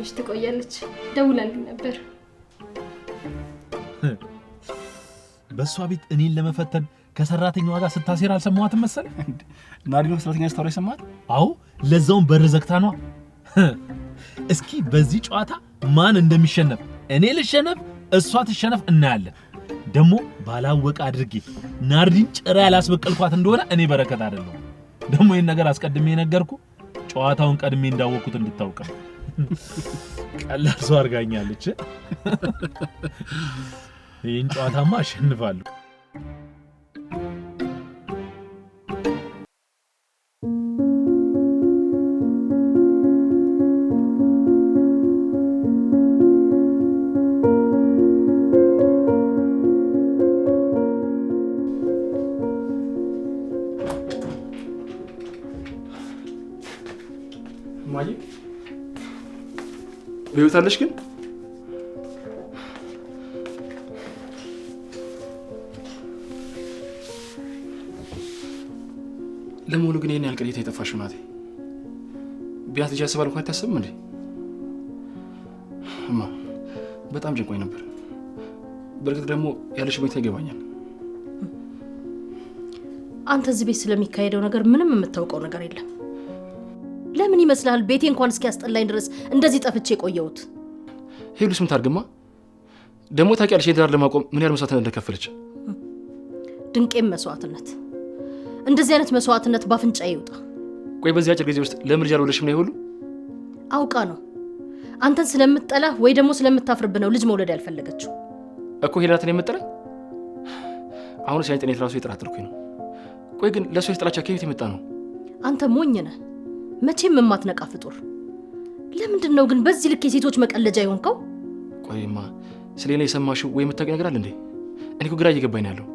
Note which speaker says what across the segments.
Speaker 1: ትንሽ ትቆያለች። ደውላልኝ ነበር።
Speaker 2: በእሷ ቤት እኔን ለመፈተን ከሰራተኛዋ ጋር ስታሴር አልሰማኋትም መሰል።
Speaker 3: ናዲኖ ሰራተኛ ስታወራ ይሰማል?
Speaker 2: አዎ፣ ለዛውን በር ዘግታ ነዋ። እስኪ በዚህ ጨዋታ ማን እንደሚሸነፍ እኔ ልሸነፍ እሷ ትሸነፍ እናያለን። ደግሞ ባላወቀ አድርጌ ናርዲን ጭራ ያላስበቀልኳት እንደሆነ እኔ በረከት አይደለሁም። ደግሞ ይህን ነገር አስቀድሜ የነገርኩ ጨዋታውን ቀድሜ እንዳወቅኩት እንድታውቅ
Speaker 3: ቀላል ሰው አድርጋኛለች። ይህን ጨዋታማ አሸንፋለሁ። ታገቢታለሽ ግን ለመሆኑ ግን ይህን ያህል ቀን የጠፋሽ የጠፋሽው ናቴ? ቢያንስ ልጅ ያስባል እኳ አይታሰብም እንዴ? እማ በጣም ጨንቆኝ ነበር። በእርግጥ ደግሞ ያለሽ ሁኔታ ይገባኛል።
Speaker 1: አንተ እዚህ ቤት ስለሚካሄደው ነገር ምንም የምታውቀው ነገር የለም። ምን ይመስልሃል? ቤቴ እንኳን እስኪያስጠላኝ ድረስ እንደዚህ ጠፍቼ የቆየሁት።
Speaker 3: ሄሉስ ምን ታርግማ? ደግሞ ታውቂያለሽ የትዳር ለማቆም ምን ያህል መስዋዕትነት እንደከፈለች።
Speaker 1: ድንቄም መስዋዕትነት፣ እንደዚህ አይነት መስዋዕትነት ባፍንጫ ይውጣ።
Speaker 3: ቆይ በዚህ አጭር ጊዜ ውስጥ ለምን ልጅ አልወለድሽም ነው የሁሉ?
Speaker 1: አውቃ ነው አንተን ስለምትጠላ ወይ ደግሞ ስለምታፍርብ ነው ልጅ መውለድ ያልፈለገችው
Speaker 3: እኮ። ሄላትን የምጠላ አሁን ሲያኝ ጥኔት ራሱ የጠራጠርኩኝ ነው። ቆይ ግን ለእሷ የስጥላቻ ከየት የመጣ ነው?
Speaker 1: አንተ ሞኝ ነህ። መቼም የማትነቃ ፍጡር። ለምንድን ነው ግን በዚህ ልክ የሴቶች መቀለጃ የሆንከው?
Speaker 3: ቆይማ ስለ እኔ የሰማሽው ወይ የምታውቂው ነገር አለ እንዴ? እኔ ግራ እየገባኝ ነው ያለው።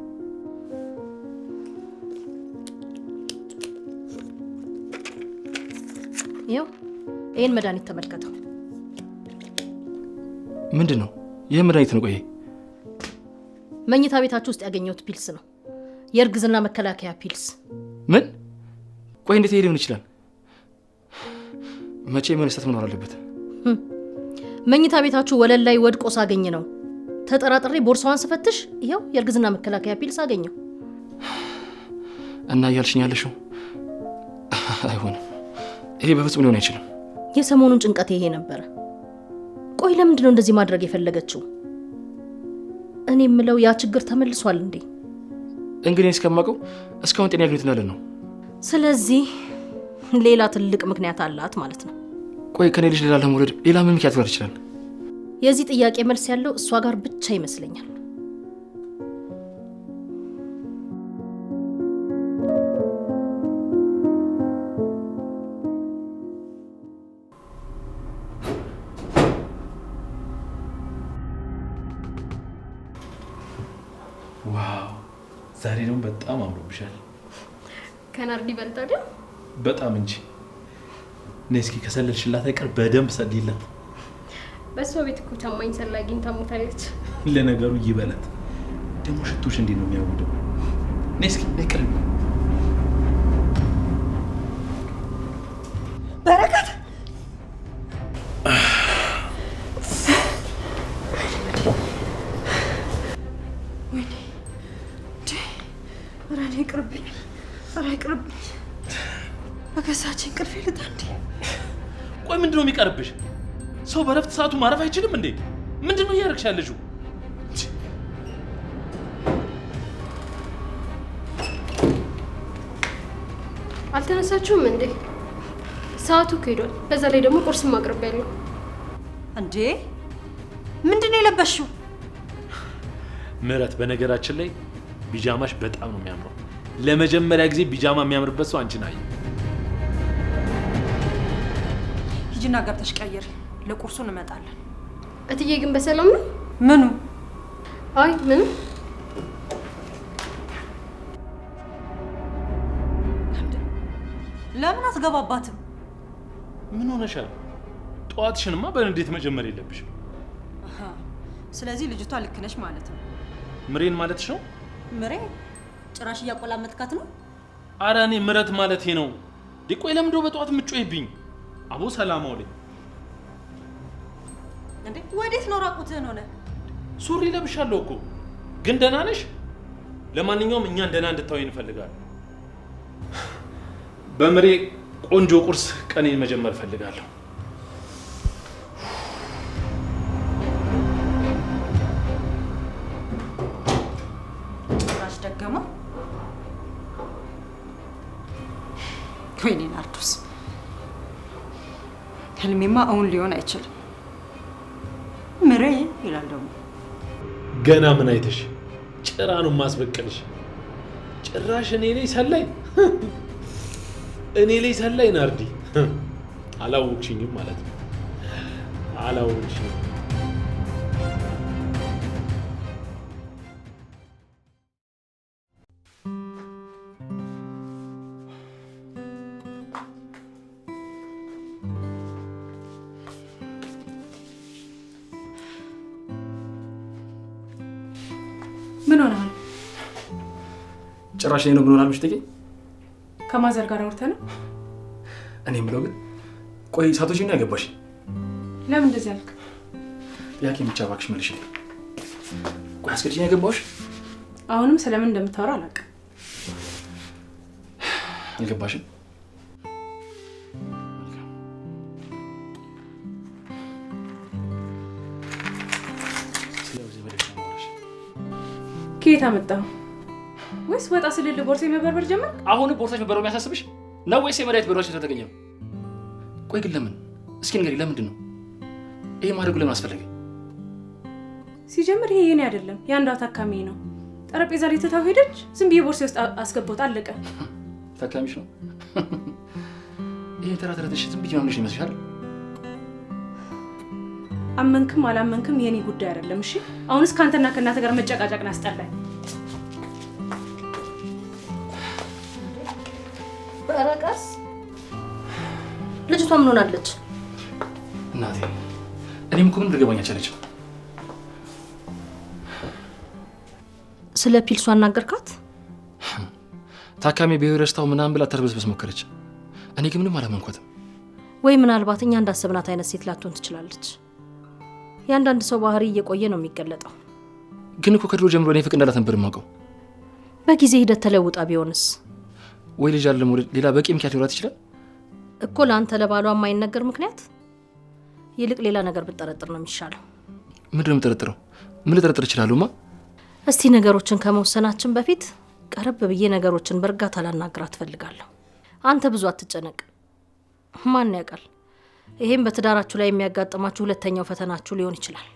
Speaker 1: ይኸው ይህን መድኃኒት ተመልከተው።
Speaker 3: ምንድን ነው ይህ መድኃኒት? ነው ቆይ
Speaker 1: መኝታ ቤታችሁ ውስጥ ያገኘሁት ፒልስ ነው፣ የእርግዝና መከላከያ ፒልስ።
Speaker 3: ምን? ቆይ እንዴት ይሄ ሊሆን ይችላል? መቼ ምን ስህተት መኖር አለበት?
Speaker 1: መኝታ ቤታችሁ ወለል ላይ ወድቆ ሳገኝ ነው ተጠራጥሬ ቦርሳዋን ስፈትሽ ይኸው የእርግዝና መከላከያ ፒል ሳገኘው
Speaker 3: እና እያልሽኝ ያለሽው አይሆንም። ይሄ በፍጹም ሊሆን አይችልም።
Speaker 1: የሰሞኑን ጭንቀት ይሄ ነበረ። ቆይ ለምንድን ነው እንደዚህ ማድረግ የፈለገችው? እኔ የምለው ያ ችግር ተመልሷል እንዴ?
Speaker 3: እንግዲህ እስከማውቀው እስካሁን ጤና ያገኙት እንዳለን ነው።
Speaker 1: ስለዚህ ሌላ ትልቅ ምክንያት አላት ማለት ነው።
Speaker 3: ቆይ ከኔ ልጅ ሌላ ለመውለድ ሌላ ምን ምክንያት ሊኖር ይችላል?
Speaker 1: የዚህ ጥያቄ መልስ ያለው እሷ ጋር ብቻ ይመስለኛል።
Speaker 3: ዛሬ ደግሞ በጣም አምሮብሻል። ከናርዲ በልጣ በጣም እንጂ ነይ እስኪ ከሰለልሽላት አይቀር በደንብ ሰሊላት።
Speaker 1: በእሷ ቤት እኮ ታማኝ ሰላ አግኝታ ሞታለች።
Speaker 3: ለነገሩ ይበላት ደግሞ ሽቶሽ እንዴት ነው የሚያውደው? ነይ እስኪ ነይ ቅርብ
Speaker 1: በረከት ቅርብ በገዛችን ቅርፌ ልጣ እንዴ?
Speaker 3: ቆይ ምንድን ነው የሚቀርብሽ? ሰው በረፍት ሰዓቱ ማረፍ አይችልም እንዴ? ምንድን ነው እያደረግሽ ያለሽው?
Speaker 1: አልተነሳችሁም እንዴ? ሰዓቱ ከሄዷል። በዛ ላይ ደግሞ ቁርስም ማቅረብ ያለው እንዴ? ምንድን ነው የለበሽው?
Speaker 2: ምህረት፣ በነገራችን ላይ ቢጃማሽ በጣም ነው የሚያምረው። ለመጀመሪያ ጊዜ ቢጃማ የሚያምርበት ሰው አንቺ ናየ
Speaker 1: ሂጂና ገብተሽ ቀይሪ። ለቁርሱ እንመጣለን። እትዬ ግን በሰላም ነው? ምኑ? አይ ምን ለምን አትገባባትም?
Speaker 2: ምን ሆነሻል? ጠዋትሽንማ በንዴት መጀመር የለብሽም።
Speaker 1: ስለዚህ ልጅቷ ልክ ማለት ነው።
Speaker 2: ምሬን ማለትሽ ነው?
Speaker 1: ምሬ ጭራሽ እያቆላመጥካት ነው።
Speaker 2: አረ እኔ ምረት ማለት ነው። የለምዶ ለምዶ በጠዋት ምጮይብኝ አቦ ሰላም አውለኝ።
Speaker 1: እንዴ ወዴት ነው? ራቁትህን ሆነ።
Speaker 2: ሱሪ ለብሻለሁ እኮ ግን ደህና ነሽ? ለማንኛውም እኛን ደህና እንድታወይ እንፈልጋለን። በምሬ ቆንጆ ቁርስ ቀኔን መጀመር እፈልጋለሁ።
Speaker 1: ራሽ ደገመው። ወይኔ ናርዶስ ህልሜማ አሁን ሊሆን አይችልም። ምሬ ይላል ደግሞ
Speaker 2: ገና ምን አይተሽ ጭራ ማስበቀልሽ። ጭራሽ እኔ ላይ ሰላይ እኔ ላይ ሰላይ ናርዲ፣ አላወቅሽኝም ማለት ነው። አላወቅሽኝም ጭራሽ ላይ ነው ብኖራል ምሽት
Speaker 1: ከማዘር ጋር አውርተ ነው?
Speaker 2: እኔ የምለው ግን ቆይ ሳቶች ነው ያገባሽ? ለምን እንደዚህ አልክ? ጥያቄ ብቻ እባክሽ መልሽ። ቆይ አስገድጅ ነው ያገባሽ?
Speaker 1: አሁንም ስለምን እንደምታወራ አላውቅም። አልገባሽም? ከየት አመጣኸው? ወይስ ወጣ ስልል ቦርሳ መበርበር ጀመር?
Speaker 2: አሁን ቦርሳሽ መበርበር የሚያሳስብሽ ነው ወይስ የመድኃኒት ብራሽ ተተገኘ? ቆይ ግን ለምን እስኪ ንገሪኝ፣ ለምንድን ነው ይሄ ማድረጉ? ለምን አስፈለገ?
Speaker 1: ሲጀምር ይሄ የኔ አይደለም የአንዷ ታካሚ ነው። ጠረጴዛ ላይ ትታው ሄደች። ዝም ብዬ ቦርሳ ውስጥ አስገባት፣ አለቀ።
Speaker 2: ታካሚሽ ነው ይሄ ተራ ተረትሽ ዝም ብዬ ማምንሽ ይመስልሻል?
Speaker 1: አመንክም አላመንክም የኔ ጉዳይ አይደለም። እሺ አሁንስ ከአንተና ከእናተ ጋር መጨቃጨቅን አስጠላኝ። ኧረ ቀስ ልጅቷ ምን ሆናለች?
Speaker 2: እናቴ እኔም እኮ ምን ልገባኝ አልቻለችም።
Speaker 1: ስለ ፒልሷ አናገርካት?
Speaker 2: ታካሚ ብሔር ረስታው ምናምን ብላ ተርበስበስ ሞከረች። እኔ ግን ምንም አላመንኳትም።
Speaker 1: ወይ ምናልባት እኛ እንዳሰብናት አይነት ሴት ላትሆን ትችላለች። የአንዳንድ ሰው ባህሪ እየቆየ ነው የሚገለጠው።
Speaker 2: ግን እኮ ከድሮ ጀምሮ እኔ ፍቅ እንዳላት ነበር የማውቀው።
Speaker 1: በጊዜ ሂደት ተለውጣ ቢሆንስ
Speaker 2: ወይ ልጅ አለ ሌላ በቂ ምክንያት ሊኖራት ይችላል
Speaker 1: እኮ ለአንተ ለባሏ የማይነገር ምክንያት ይልቅ ሌላ ነገር ብጠረጥር ነው የሚሻለው።
Speaker 2: ምንድን ነው የምጠረጥረው? ምን ልጠረጥር እችላለሁማ?
Speaker 1: እስቲ ነገሮችን ከመወሰናችን በፊት ቀረብ ብዬ ነገሮችን በእርጋታ ላናግራት ትፈልጋለሁ አንተ ብዙ አትጨነቅ። ማን ያውቃል፣ ይሄም በትዳራችሁ ላይ የሚያጋጥማችሁ ሁለተኛው ፈተናችሁ ሊሆን ይችላል።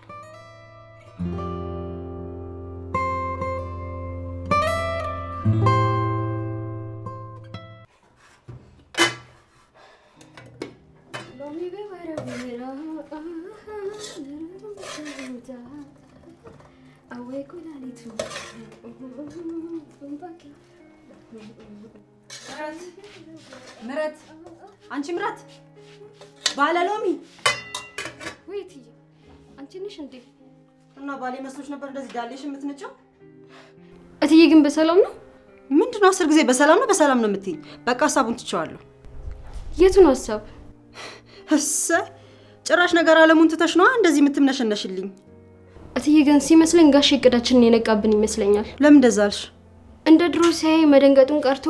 Speaker 4: ምረት አንቺ ምረት ባለ ሎሚ
Speaker 1: ወይ አንቺ ነሽ እንዴ?
Speaker 4: እና ባሌ መስሎሽ ነበር እንደዚህ ዳሌሽ የምትነጨው?
Speaker 1: እትዬ ግን በሰላም ነው?
Speaker 4: ምንድን ነው አስር ጊዜ በሰላም ነው በሰላም ነው የምትይኝ? በቃ ሀሳቡን ትቼዋለሁ። የቱን ሀሳብ? እሰይ ጭራሽ ነገር አለሙን ትተሽ ነዋ እንደዚህ የምትምነሸነሽልኝ።
Speaker 1: እትዬ ግን ሲመስለኝ ጋሽ እቅዳችንን የነቃብን ይመስለኛል። ለምን እንደዛ አልሽ? እንደ ድሮ ሲያይ መደንገጡን ቀርቶ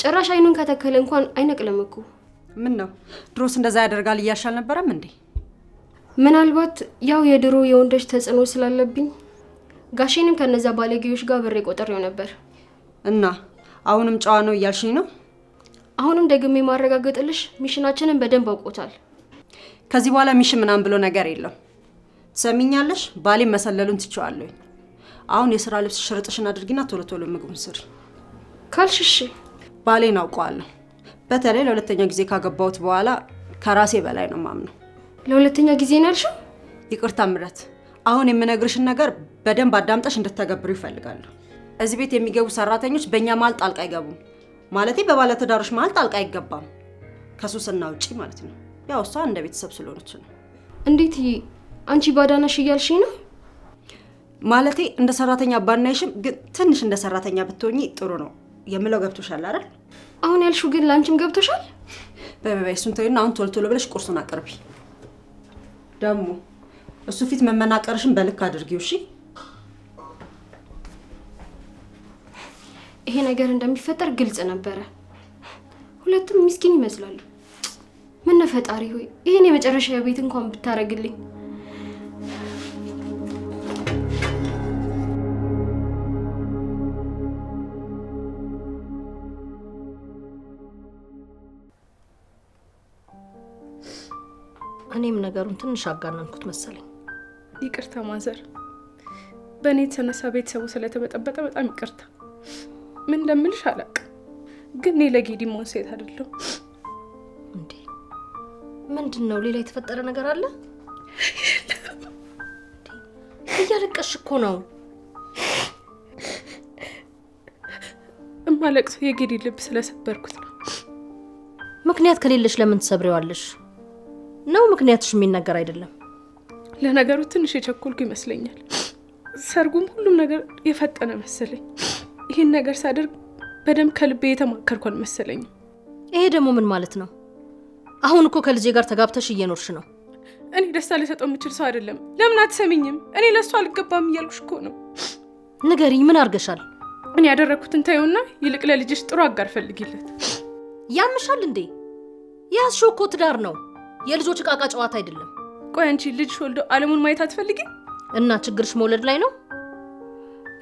Speaker 1: ጭራሽ አይኑን ከተከለ እንኳን አይነቅልም እኮ።
Speaker 4: ምን ነው ድሮስ እንደዛ ያደርጋል እያልሽ አልነበረም እንዴ?
Speaker 1: ምናልባት ያው የድሮ የወንዶች ተጽዕኖ ስላለብኝ ጋሼንም ከነዛ ባለጌዎች ጋር ብሬ ቆጥሬው ነበር።
Speaker 4: እና አሁንም ጨዋ ነው እያልሽኝ ነው?
Speaker 1: አሁንም ደግሜ ማረጋገጥልሽ ሚሽናችንን በደንብ አውቆታል።
Speaker 4: ከዚህ በኋላ ሚሽን ምናምን ብሎ ነገር የለም። ሰሚኛለሽ? ባሌ መሰለሉን ትችዋለሁ። አሁን የስራ ልብስ ሽርጥሽን አድርጊና ቶሎ ቶሎ ምግቡን ስሪ ካልሽሽ ባሌን አውቀዋለሁ። በተለይ ለሁለተኛ ጊዜ ካገባሁት በኋላ ከራሴ በላይ ነው ማምነው።
Speaker 1: ለሁለተኛ ጊዜ ነው ያልሽው?
Speaker 4: ይቅርታ ምረት፣ አሁን የምነግርሽን ነገር በደንብ አዳምጠሽ እንድተገብሩ ይፈልጋሉ። እዚህ ቤት የሚገቡ ሰራተኞች በእኛ መሀል ጣልቃ አይገቡም። ማለቴ በባለትዳሮች መሀል ጣልቃ አይገባም፣ ከሱስና ውጪ ማለት ነው። ያው እሷ እንደ ቤተሰብ ስለሆነች ነው።
Speaker 1: እንዴት አንቺ ባዳነሽ እያልሽ ነው?
Speaker 4: ማለቴ እንደ ሰራተኛ ባናይሽም፣ ግን ትንሽ እንደ ሰራተኛ ብትሆኚ ጥሩ ነው የምለው ገብቶሻል አይደል?
Speaker 1: አሁን ያልሽው ግን ለአንቺም ገብቶሻል።
Speaker 4: በበይ እሱን ተይና አሁን ቶልቶሎ ብለሽ ቁርሱን አቅርቢ። ደግሞ እሱ ፊት መመናቀርሽን በልክ አድርጊው እሺ።
Speaker 1: ይሄ ነገር እንደሚፈጠር ግልጽ ነበረ። ሁለቱም ምስኪን ይመስላሉ። ምነው ፈጣሪ ሆይ ይሄን የመጨረሻ ቤት እንኳን ብታረግልኝ። እኔም ነገሩን ትንሽ አጋነንኩት መሰለኝ። ይቅርታ ማዘር፣ በእኔ የተነሳ ቤተሰቡ ስለተበጠበጠ በጣም ይቅርታ። ምን እንደምልሽ አላቅ ግን እኔ ለጌዲ መሆን ሴት አይደለሁ። እንዴ ምንድን ነው? ሌላ የተፈጠረ ነገር አለ? እያለቀሽ እኮ ነው። እማለቅሰው የጌዲ ልብ ስለሰበርኩት ነው። ምክንያት ከሌለሽ ለምን ትሰብሬዋለሽ? ነው ምክንያትሽ የሚነገር አይደለም። ለነገሩ ትንሽ የቸኮልኩ ይመስለኛል። ሰርጉም ሁሉም ነገር የፈጠነ መሰለኝ። ይህን ነገር ሳደርግ በደንብ ከልቤ የተማከርኩ አልመሰለኝም። ይሄ ደግሞ ምን ማለት ነው? አሁን እኮ ከልጄ ጋር ተጋብተሽ እየኖርሽ ነው። እኔ ደስታ ሊሰጠው የምችል ሰው አይደለም። ለምን አትሰሚኝም? እኔ ለእሱ አልገባም እያልኩሽ እኮ ነው። ንገሪኝ፣ ምን አድርገሻል? እኔ ያደረግኩትን ታየውና ይልቅ ለልጅሽ ጥሩ አጋር ፈልጊለት። ያምሻል እንዴ? ያዝሽው እኮ ትዳር ነው የልጆች እቃቃ ጨዋታ አይደለም። ቆይ አንቺ ልጅሽ ወልዶ አለሙን ማየት አትፈልጊም? እና ችግርሽ መውለድ ላይ ነው?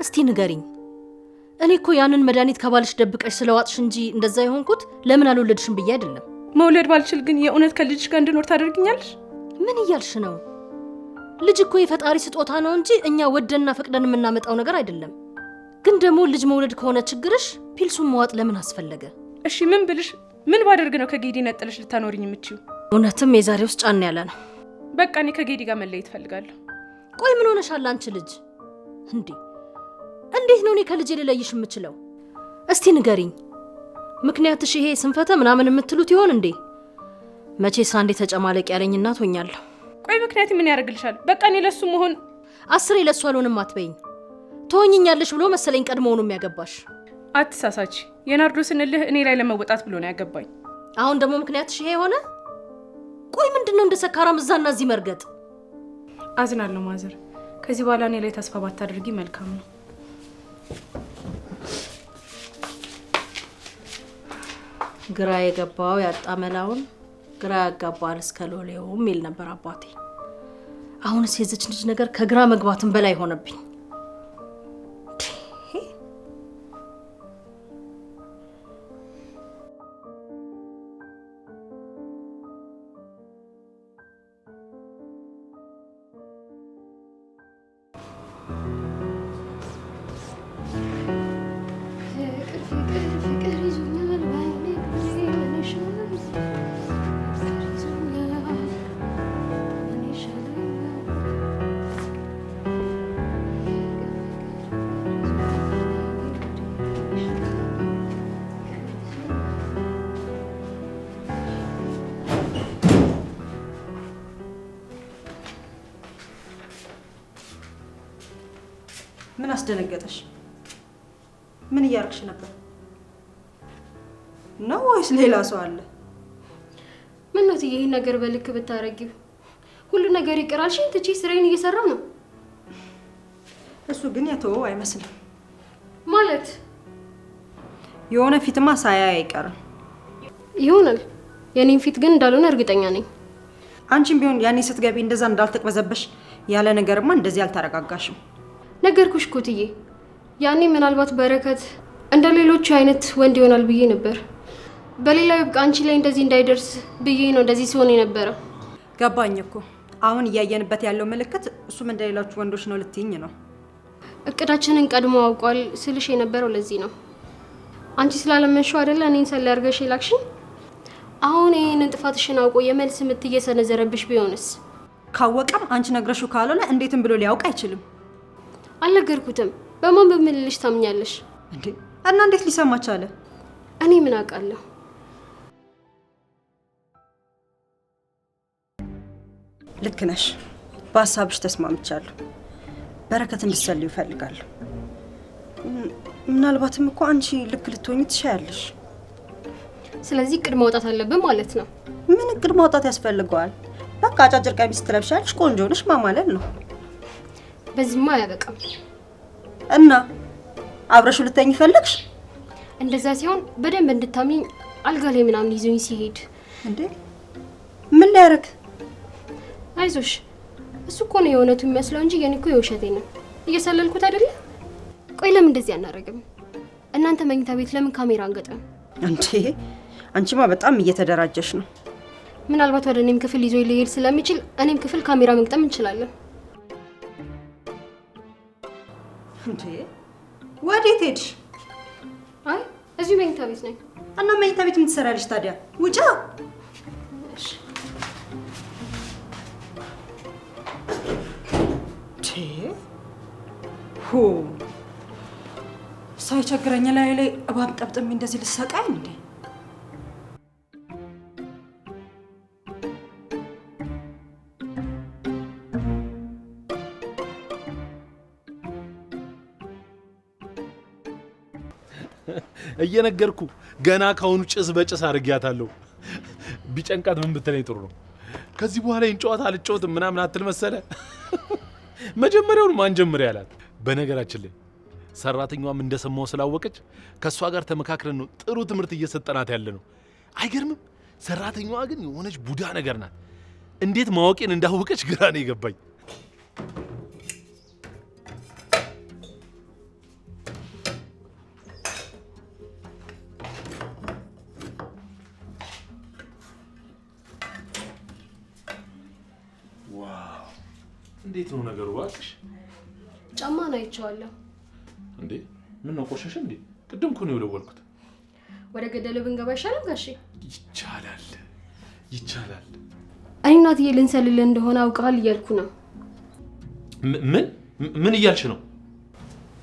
Speaker 1: እስቲ ንገሪኝ። እኔ እኮ ያንን መድኃኒት ከባልሽ ደብቀሽ ስለዋጥሽ እንጂ እንደዛ የሆንኩት ለምን አልወለድሽም ብዬ አይደለም። መውለድ ባልችል ግን የእውነት ከልጅሽ ጋር እንድኖር ታደርግኛለሽ? ምን እያልሽ ነው? ልጅ እኮ የፈጣሪ ስጦታ ነው እንጂ እኛ ወደና ፈቅደን የምናመጣው ነገር አይደለም። ግን ደግሞ ልጅ መውለድ ከሆነ ችግርሽ ፒልሱን መዋጥ ለምን አስፈለገ? እሺ ምን ብልሽ ምን ባደርግ ነው ከጌዴ ነጥለሽ ልታኖርኝ የምችው? እውነትም የዛሬ ውስጥ ጫን ያለ ነው። በቃ እኔ ከጌዲ ጋር መለየት እፈልጋለሁ። ቆይ ምን ሆነሻል አንቺ ልጅ? እንዴ እንዴት ነው እኔ ከልጅ ልለይሽ የምችለው? እስቲ ንገሪኝ። ምክንያትሽ ይሄ ስንፈተ ምናምን የምትሉት ይሆን እንዴ? መቼስ አንዴ ተጨማለቅ ያለኝ እናት ሆኛለሁ። ቆይ ምክንያት ምን ያደርግልሻል? በቃ እኔ ለሱ መሆን አስሬ ለሱ አልሆንም አትበይኝ። ትሆኝኛለሽ ብሎ መሰለኝ ቀድሞውኑ የሚያገባሽ። አትሳሳች። የናርዶስን እልህ እኔ ላይ ለመወጣት ብሎ ነው ያገባኝ። አሁን ደግሞ ምክንያትሽ ይሄ የሆነ ቆይ ምንድን ነው እንደ ሰካራም እዛና እዚህ መርገጥ? አዝናለሁ ማዘር። ከዚህ በኋላ እኔ ላይ ተስፋ ባታደርጊ መልካም ነው። ግራ የገባው ያጣመላውን ግራ ያጋባል እስከ ሎሌውም ይል ነበር አባቴ። አሁንስ የዚች ልጅ ነገር ከግራ መግባትም በላይ ሆነብኝ።
Speaker 4: አስደነገጠሽ? ምን እያደረግሽ ነበር? ነው ወይስ ሌላ ሰው አለ?
Speaker 1: ምነው እትዬ ይህን ነገር በልክ ብታረጊው። ሁሉ ነገር ይቅራልሽኝ ትቼ ስራዬን እየሰራሁ ነው።
Speaker 4: እሱ ግን የተወው አይመስልም። ማለት የሆነ ፊትማ ሳያ አይቀርም
Speaker 1: ይሆናል። የኔን ፊት ግን እንዳልሆነ እርግጠኛ ነኝ።
Speaker 4: አንቺም ቢሆን ያኔ ስትገቢ እንደዛ እንዳልተቅበዘበሽ ያለ ነገርማ እንደዚህ አልተረጋጋሽም።
Speaker 1: ነገርኩሽ ኩትዬ፣ ያኔ ምናልባት በረከት እንደ ሌሎቹ አይነት ወንድ ይሆናል ብዬ ነበር። በሌላ በቃ አንቺ ላይ እንደዚህ እንዳይደርስ ብዬ ነው እንደዚህ ሲሆን የነበረው።
Speaker 4: ገባኝ እኮ አሁን እያየንበት ያለው ምልክት እሱም እንደ ሌሎቹ ወንዶች ነው ልትይኝ ነው።
Speaker 1: እቅዳችንን ቀድሞ አውቋል ስልሽ የነበረው ለዚህ ነው። አንቺ ስላለመንሽው አይደለ እኔን ሰላ አድርገሽ የላክሽኝ። አሁን ይህንን ጥፋትሽን አውቆ የመልስ ምት እየሰነዘረብሽ ቢሆንስ?
Speaker 4: ካወቀም አንቺ ነግረሹ ካልሆነ እንዴትም ብሎ ሊያውቅ አይችልም።
Speaker 1: አልነገርኩትም። በማን በምልልሽ ታምኛለሽ
Speaker 4: እንዴ? እና እንዴት ሊሰማ ቻለ?
Speaker 1: እኔ ምን አውቃለሁ?
Speaker 4: ልክ ነሽ። በሀሳብሽ ተስማምቻለሁ። በረከት እንድትሰልዩ እፈልጋለሁ። ምናልባትም እኮ አንቺ ልክ ልትሆኝ ትሻያለሽ።
Speaker 1: ስለዚህ እቅድ ማውጣት አለብን ማለት ነው።
Speaker 4: ምን እቅድ ማውጣት ያስፈልገዋል? በቃ አጫጭር ቀሚስ ትለብሻለሽ፣ ቆንጆ ነሽ ማማለል ነው።
Speaker 1: በዚህማ አያበቃም።
Speaker 4: እና አብረሽ ልተኝ ፈለግሽ?
Speaker 1: እንደዛ ሲሆን በደንብ እንድታምኝ አልጋ ላይ ምናምን ይዞኝ ሲሄድ
Speaker 4: እንዴ ምን ሊያደርግ?
Speaker 1: አይዞሽ፣ እሱ እኮ ነው የእውነቱ የሚመስለው እንጂ የኔ እኮ የውሸቴ ነው። እየሰለልኩት አይደለ? ቆይ ለምን እንደዚህ አናደርግም? እናንተ መኝታ ቤት ለምን ካሜራ አንገጥም?
Speaker 4: እንዴ አንቺማ በጣም እየተደራጀሽ ነው።
Speaker 1: ምናልባት ወደ እኔም ክፍል ይዞ ሊሄድ ስለሚችል እኔም ክፍል ካሜራ መግጠም እንችላለን።
Speaker 4: እንዴ ወዴት ሄድሽ?
Speaker 1: አይ እዚሁ መኝታ ቤት ነኝ።
Speaker 4: እና መኝታ ቤት የምትሰራለሽ ታዲያ? ውጪ። ሳይቸግረኝ ላይ ላይ እባብ ጠብጥሜ እንደዚህ ልሰቃይ እንዴ?
Speaker 2: እየነገርኩ ገና ከአሁኑ ጭስ በጭስ አድርጊያታለሁ። ቢጨንቃት ምን ብትለኝ ጥሩ ነው። ከዚህ በኋላ ይህን ጨዋታ አልጫወትም ምናምን አትል መሰለ። መጀመሪያውን ማን ጀምር ያላት። በነገራችን ላይ ሰራተኛዋም እንደሰማው ስላወቀች ከእሷ ጋር ተመካክረን ነው ጥሩ ትምህርት እየሰጠናት ያለ ነው። አይገርምም? ሰራተኛዋ ግን የሆነች ቡዳ ነገር ናት። እንዴት ማወቄን እንዳወቀች ግራ ነው የገባኝ። እንዴት ነው ነገሩ? እባክሽ
Speaker 1: ጫማ ነው አይቼዋለሁ።
Speaker 2: እንዴ ምን ነው ቆሸሽ እንዴ? ቅድም እኮ ነው የወለወልኩት።
Speaker 1: ወደ ገደሉ ብንገባ ይሻላል ጋሼ።
Speaker 2: ይቻላል ይቻላል።
Speaker 1: እኔ እናትዬ ልንሰልል እንደሆነ አውቃል እያልኩ ነው።
Speaker 2: ምን ምን እያልሽ ነው?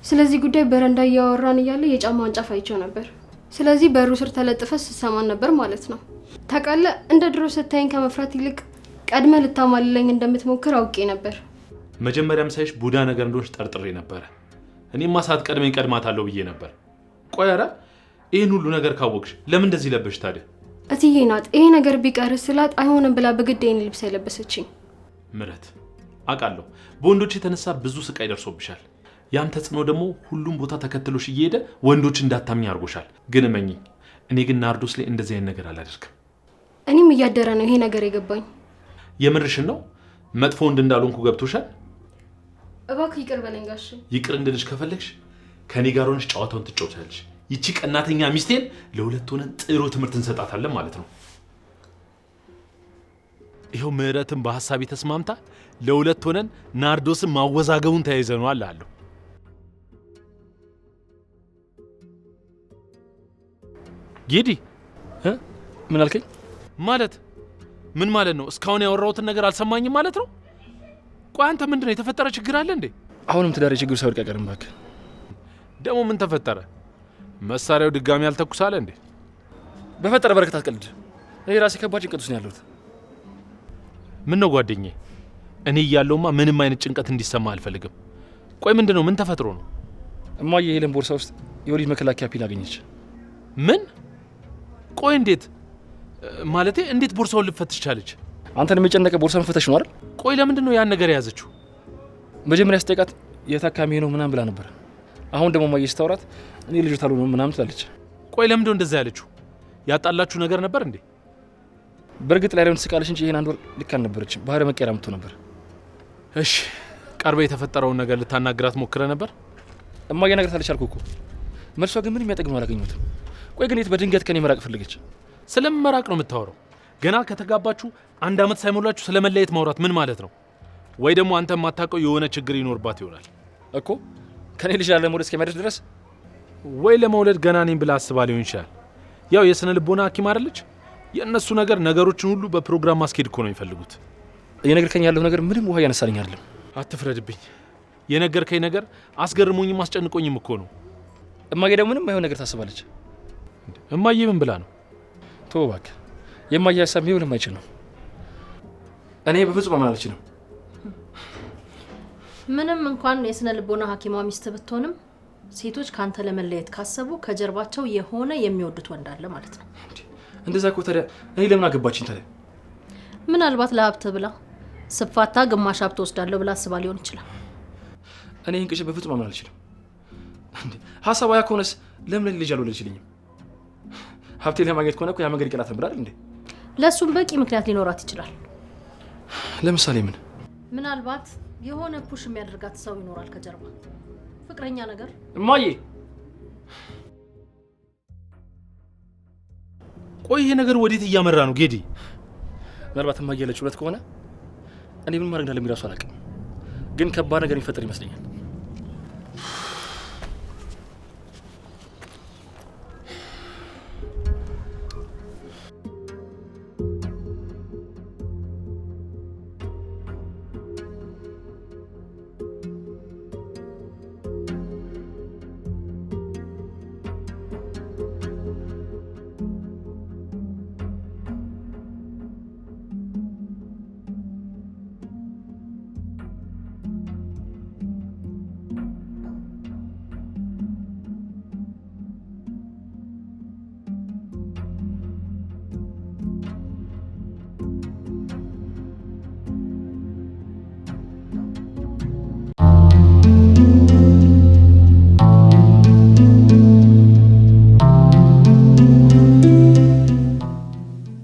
Speaker 1: ስለዚህ ጉዳይ በረንዳ እያወራን እያለ የጫማውን ጫፍ አይቼው ነበር። ስለዚህ በሩ ስር ተለጥፈ ስትሰማን ነበር ማለት ነው። ታውቃለህ፣ እንደ ድሮ ስታይን ከመፍራት ይልቅ ቀድመ ልታማልለኝ እንደምትሞክር አውቄ ነበር።
Speaker 2: መጀመሪያም ሳይሽ ቡዳ ነገር እንደሆንሽ ጠርጥሬ ነበረ። እኔማ ሳትቀድመኝ ቀድማታለሁ ብዬ ነበር። ቆይ ኧረ ይህን ሁሉ ነገር ካወቅሽ ለምን እንደዚህ ለበሽ ታዲያ?
Speaker 1: እትዬ ናት ይሄ ነገር ቢቀር ስላት አይሆንም ብላ በግድ ይህን ልብስ አይለበሰችኝ።
Speaker 2: ምረት አውቃለሁ፣ በወንዶች የተነሳ ብዙ ስቃይ ደርሶብሻል። ያም ተጽዕኖ ደግሞ ሁሉም ቦታ ተከትሎሽ እየሄደ ወንዶች እንዳታምኝ አድርጎሻል። ግን እመኚ፣ እኔ ግን ናርዶስ ላይ እንደዚህ አይነት ነገር አላደርግም።
Speaker 1: እኔም እያደረ ነው ይሄ ነገር የገባኝ።
Speaker 2: የምርሽን ነው? መጥፎ ወንድ እንዳልሆንኩ ገብቶሻል?
Speaker 1: እባክህ ይቅር በለኝ ጋሽ።
Speaker 2: ይቅር እንድልሽ ከፈለግሽ ከኔ ጋር ሆነሽ ጨዋታውን ትጫወቻለሽ። ይቺ ቀናተኛ ሚስቴን ለሁለት ሆነን ጥሩ ትምህርት እንሰጣታለን ማለት ነው። ይኸው ምህረትን በሐሳቤ ተስማምታ ለሁለት ሆነን ናርዶስን ማወዛገቡን ተያይዘነዋል አለሁ። ጌዲ ምን አልከኝ? ማለት ምን ማለት ነው? እስካሁን ያወራሁትን ነገር አልሰማኝም ማለት ነው። ቆይ አንተ ምንድነው የተፈጠረ ችግር አለ እንዴ?
Speaker 3: አሁንም ትዳር የችግር ሳይወድቅ አይቀርም። እባክህ
Speaker 2: ደግሞ ምን ተፈጠረ? መሳሪያው ድጋሚ ያልተኩሳለ አለ እንዴ?
Speaker 3: በፈጠረ በረከት አትቀልድ። እኔ ራሴ ከባድ ጭንቀት ውስጥ ነው ያለሁት።
Speaker 2: ምን ነው ጓደኛ፣ እኔ እያለውማ ምንም አይነት ጭንቀት እንዲሰማ አልፈልግም። ቆይ ምንድነው? ምን ተፈጥሮ ነው?
Speaker 3: እማዬ የሄለን ቦርሳ ውስጥ የወሊድ መከላከያ ፒል አገኘች።
Speaker 2: ምን? ቆይ እንዴት? ማለቴ እንዴት ቦርሳውን ልትፈትሽ ቻለች?
Speaker 3: አንተን የሚጨነቀ ቦርሳን ፈተሽ ነው አይደል?
Speaker 2: ቆይ ለምንድን ነው ያን ነገር የያዘችው?
Speaker 3: መጀመሪያ ስጠይቃት የታካሚ ነው ምናምን ብላ ነበር። አሁን ደግሞ ማየ ስታወራት እኔ ልጅት ነው ምናምን ትላለች።
Speaker 2: ቆይ ለምንድነው እንደዛ ያለችው? ያጣላችሁ ነገር ነበር እንዴ?
Speaker 3: በእርግጥ ላይ ለምን ትስቃለች እንጂ ይሄን አንድ ወር ልክ አልነበረችም። ባህረ መቀየር ነበር።
Speaker 2: እሺ ቀርበ የተፈጠረውን ነገር ልታናግራት ሞክረ ነበር?
Speaker 3: ነገር ታለች አልኩ እኮ። መልሷ ግን ምንም የሚያጠግም አላገኘሁትም። ቆይ ግን የት በድንገት ከኔ መራቅ ፈለገች?
Speaker 2: ስለመራቅ ነው የምታወራው? ገና ከተጋባችሁ አንድ ዓመት ሳይሞላችሁ ስለ መለየት ማውራት ምን ማለት ነው? ወይ ደግሞ አንተ የማታውቀው የሆነ ችግር ይኖርባት ይሆናል
Speaker 3: እኮ ከኔ ልጅ ላለመውለድ እስከሚያደርስ ድረስ
Speaker 2: ወይ ለመውለድ ገና ነኝ ብላ አስባ ሊሆን ይችላል። ያው የስነ ልቦና ሐኪም አይደለች? የእነሱ ነገር ነገሮችን ሁሉ በፕሮግራም ማስኬድ እኮ ነው የሚፈልጉት።
Speaker 3: የነገርከኝ ያለው ነገር ምንም ውሃ እያነሳልኝ አይደለም።
Speaker 2: አትፍረድብኝ። የነገርከኝ ነገር አስገርሞኝም አስጨንቆኝም እኮ ነው።
Speaker 3: እማጌ ደግሞ ምንም አይሆን ነገር ታስባለች።
Speaker 2: እማዬ ምን ብላ ነው?
Speaker 3: ተው እባክህ የማያሳሚው ልመች ነው። እኔ በፍጹም አልችልም።
Speaker 1: ምንም እንኳን የስነ ልቦና ሐኪሟ ሚስት ብትሆንም ሴቶች ከአንተ ለመለየት ካሰቡ ከጀርባቸው የሆነ የሚወዱት ወንድ አለ ማለት ነው።
Speaker 3: እንደዛ እኮ ታዲያ እኔ ለምን አገባችኝ ታዲያ?
Speaker 1: ምናልባት ለሀብት ብላ ስፋታ ግማሽ ሀብት ወስዳለሁ ብላ አስባ ሊሆን ይችላል።
Speaker 3: እኔ ይህን ቅጭት በፍጹም አምን አልችልም። ሀሳቧ ያ ከሆነስ ለምን ልጅ አልወለደችልኝም? ሀብቴ ለማግኘት ከሆነ ያ መንገድ ይቀላታል ብላል እንዴ
Speaker 1: ለእሱም በቂ ምክንያት ሊኖራት ይችላል። ለምሳሌ ምን? ምናልባት የሆነ ፑሽ የሚያደርጋት ሰው ይኖራል ከጀርባ ፍቅረኛ ነገር።
Speaker 2: እማዬ፣ ቆይ ይሄ ነገር ወዴት እያመራ ነው? ጌዲ፣
Speaker 3: ምናልባት እማዬ ያለችው ከሆነ እኔ ምን ማድረግ እንዳለብኝ እራሱ አላውቅም፣ ግን ከባድ ነገር የሚፈጠር ይመስለኛል።